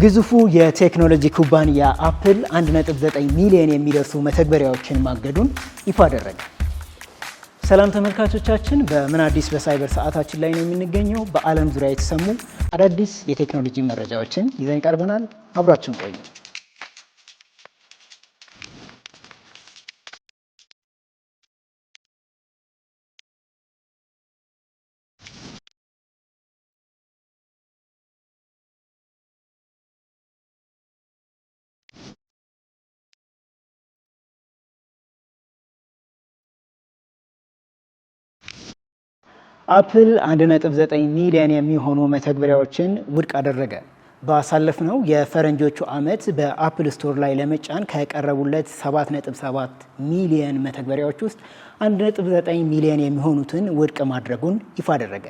ግዙፉ የቴክኖሎጂ ኩባንያ አፕል 1.9 ሚሊዮን የሚደርሱ መተግበሪያዎችን ማገዱን ይፋ አደረገ። ሰላም ተመልካቾቻችን፣ በምን አዲስ በሳይበር ሰዓታችን ላይ ነው የምንገኘው። በዓለም ዙሪያ የተሰሙ አዳዲስ የቴክኖሎጂ መረጃዎችን ይዘን ቀርበናል። አብራችሁን ቆዩ። አፕል 1.9 ሚሊዮን የሚሆኑ መተግበሪያዎችን ውድቅ አደረገ። ባሳለፍነው የፈረንጆቹ ዓመት በአፕል ስቶር ላይ ለመጫን ከቀረቡለት 7.7 ሚሊዮን መተግበሪያዎች ውስጥ 1.9 ሚሊዮን የሚሆኑትን ውድቅ ማድረጉን ይፋ አደረገ።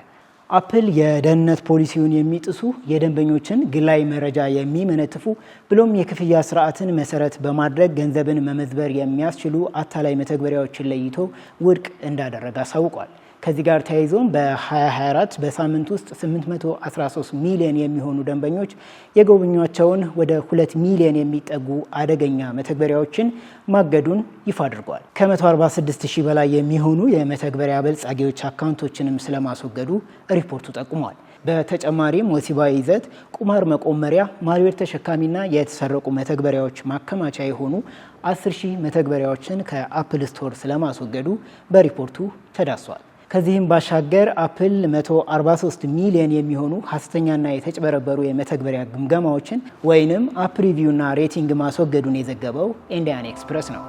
አፕል የደህንነት ፖሊሲውን የሚጥሱ የደንበኞችን ግላይ መረጃ የሚመነትፉ ብሎም የክፍያ ስርዓትን መሰረት በማድረግ ገንዘብን መመዝበር የሚያስችሉ አታላይ መተግበሪያዎችን ለይቶ ውድቅ እንዳደረገ አሳውቋል። ከዚህ ጋር ተያይዞም በ2024 በሳምንት ውስጥ 813 ሚሊዮን የሚሆኑ ደንበኞች የጎበኟቸውን ወደ 2 ሚሊዮን የሚጠጉ አደገኛ መተግበሪያዎችን ማገዱን ይፋ አድርጓል። ከ146 ሺህ በላይ የሚሆኑ የመተግበሪያ በልጻጌዎች አካውንቶችንም ስለማስወገዱ ሪፖርቱ ጠቁሟል። በተጨማሪም ወሲባዊ ይዘት፣ ቁማር መቆመሪያ፣ ማልዌር ተሸካሚና የተሰረቁ መተግበሪያዎች ማከማቻ የሆኑ 10 ሺህ መተግበሪያዎችን ከአፕል ስቶር ስለማስወገዱ በሪፖርቱ ተዳሷል። ከዚህም ባሻገር አፕል 143 ሚሊዮን የሚሆኑ ሀሰተኛና የተጭበረበሩ የመተግበሪያ ግምገማዎችን ወይንም አፕ ሪቪውና ሬቲንግ ማስወገዱን የዘገበው ኢንዲያን ኤክስፕረስ ነው።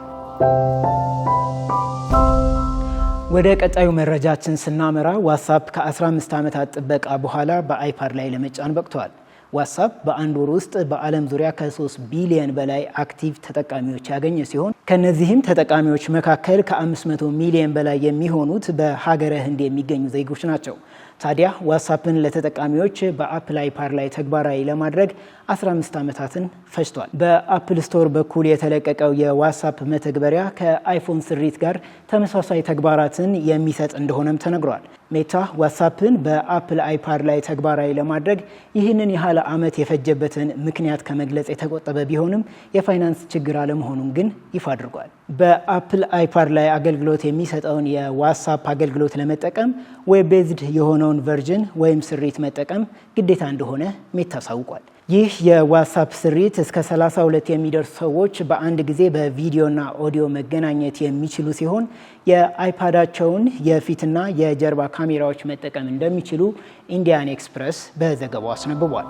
ወደ ቀጣዩ መረጃችን ስናመራ ዋትሳፕ ከ15 ዓመታት ጥበቃ በኋላ በአይፓድ ላይ ለመጫን በቅቷል። ዋትሳፕ በአንድ ወር ውስጥ በዓለም ዙሪያ ከ3 ቢሊዮን በላይ አክቲቭ ተጠቃሚዎች ያገኘ ሲሆን ከነዚህም ተጠቃሚዎች መካከል ከ500 ሚሊዮን በላይ የሚሆኑት በሀገረ ህንድ የሚገኙ ዜጎች ናቸው። ታዲያ ዋትሳፕን ለተጠቃሚዎች በአፕል አይፓድ ላይ ተግባራዊ ለማድረግ 15 ዓመታትን ፈጅቷል። በአፕል ስቶር በኩል የተለቀቀው የዋትሳፕ መተግበሪያ ከአይፎን ስሪት ጋር ተመሳሳይ ተግባራትን የሚሰጥ እንደሆነም ተነግሯል። ሜታ ዋትሳፕን በአፕል አይፓድ ላይ ተግባራዊ ለማድረግ ይህንን ያህል ዓመት የፈጀበትን ምክንያት ከመግለጽ የተቆጠበ ቢሆንም የፋይናንስ ችግር አለመሆኑን ግን ይፋ አድርጓል። በአፕል አይፓድ ላይ አገልግሎት የሚሰጠውን የዋትሳፕ አገልግሎት ለመጠቀም ዌብ ቤዝድ የሆነውን ቨርዥን ወይም ስሪት መጠቀም ግዴታ እንደሆነ ሜታ አሳውቋል። ይህ የዋትሳፕ ስሪት እስከ 32 የሚደርሱ ሰዎች በአንድ ጊዜ በቪዲዮና ኦዲዮ መገናኘት የሚችሉ ሲሆን የአይፓዳቸውን የፊትና የጀርባ ካሜራዎች መጠቀም እንደሚችሉ ኢንዲያን ኤክስፕረስ በዘገባው አስነብቧል።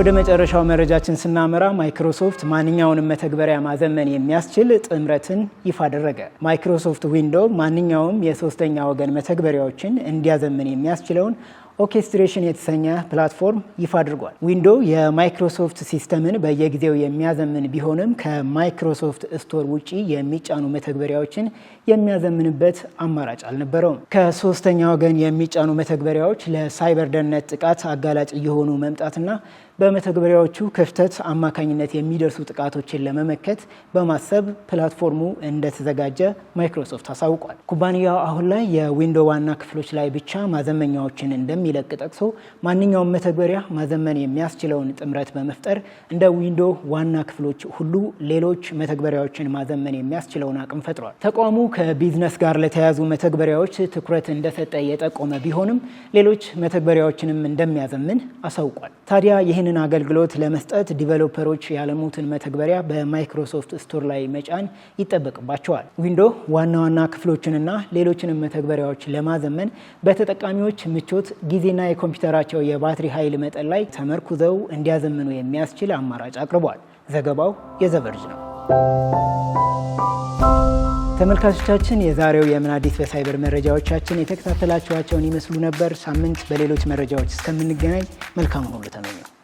ወደ መጨረሻው መረጃችን ስናመራ ማይክሮሶፍት ማንኛውንም መተግበሪያ ማዘመን የሚያስችል ጥምረትን ይፋ አደረገ። ማይክሮሶፍት ዊንዶው ማንኛውም የሶስተኛ ወገን መተግበሪያዎችን እንዲያዘምን የሚያስችለውን ኦርኬስትሬሽን የተሰኘ ፕላትፎርም ይፋ አድርጓል። ዊንዶው የማይክሮሶፍት ሲስተምን በየጊዜው የሚያዘምን ቢሆንም ከማይክሮሶፍት ስቶር ውጪ የሚጫኑ መተግበሪያዎችን የሚያዘምንበት አማራጭ አልነበረውም። ከሶስተኛ ወገን የሚጫኑ መተግበሪያዎች ለሳይበር ደህንነት ጥቃት አጋላጭ እየሆኑ መምጣትና በመተግበሪያዎቹ ክፍተት አማካኝነት የሚደርሱ ጥቃቶችን ለመመከት በማሰብ ፕላትፎርሙ እንደተዘጋጀ ማይክሮሶፍት አሳውቋል። ኩባንያው አሁን ላይ የዊንዶ ዋና ክፍሎች ላይ ብቻ ማዘመኛዎችን እንደሚለቅ ጠቅሶ ማንኛውም መተግበሪያ ማዘመን የሚያስችለውን ጥምረት በመፍጠር እንደ ዊንዶ ዋና ክፍሎች ሁሉ ሌሎች መተግበሪያዎችን ማዘመን የሚያስችለውን አቅም ፈጥሯል። ተቋሙ ከቢዝነስ ጋር ለተያያዙ መተግበሪያዎች ትኩረት እንደሰጠ የጠቆመ ቢሆንም ሌሎች መተግበሪያዎችንም እንደሚያዘምን አሳውቋል። ታዲያ ይህን ይህንን አገልግሎት ለመስጠት ዲቨሎፐሮች ያለሙትን መተግበሪያ በማይክሮሶፍት ስቶር ላይ መጫን ይጠበቅባቸዋል። ዊንዶ ዋና ዋና ክፍሎችንና ሌሎችንም መተግበሪያዎች ለማዘመን በተጠቃሚዎች ምቾት፣ ጊዜና የኮምፒውተራቸው የባትሪ ኃይል መጠን ላይ ተመርኩዘው እንዲያዘምኑ የሚያስችል አማራጭ አቅርቧል። ዘገባው የዘቨርጅ ነው። ተመልካቾቻችን የዛሬው የምን አዲስ በሳይበር መረጃዎቻችን የተከታተላችኋቸውን ይመስሉ ነበር። ሳምንት በሌሎች መረጃዎች እስከምንገናኝ መልካም ሁሉ ተመኘው።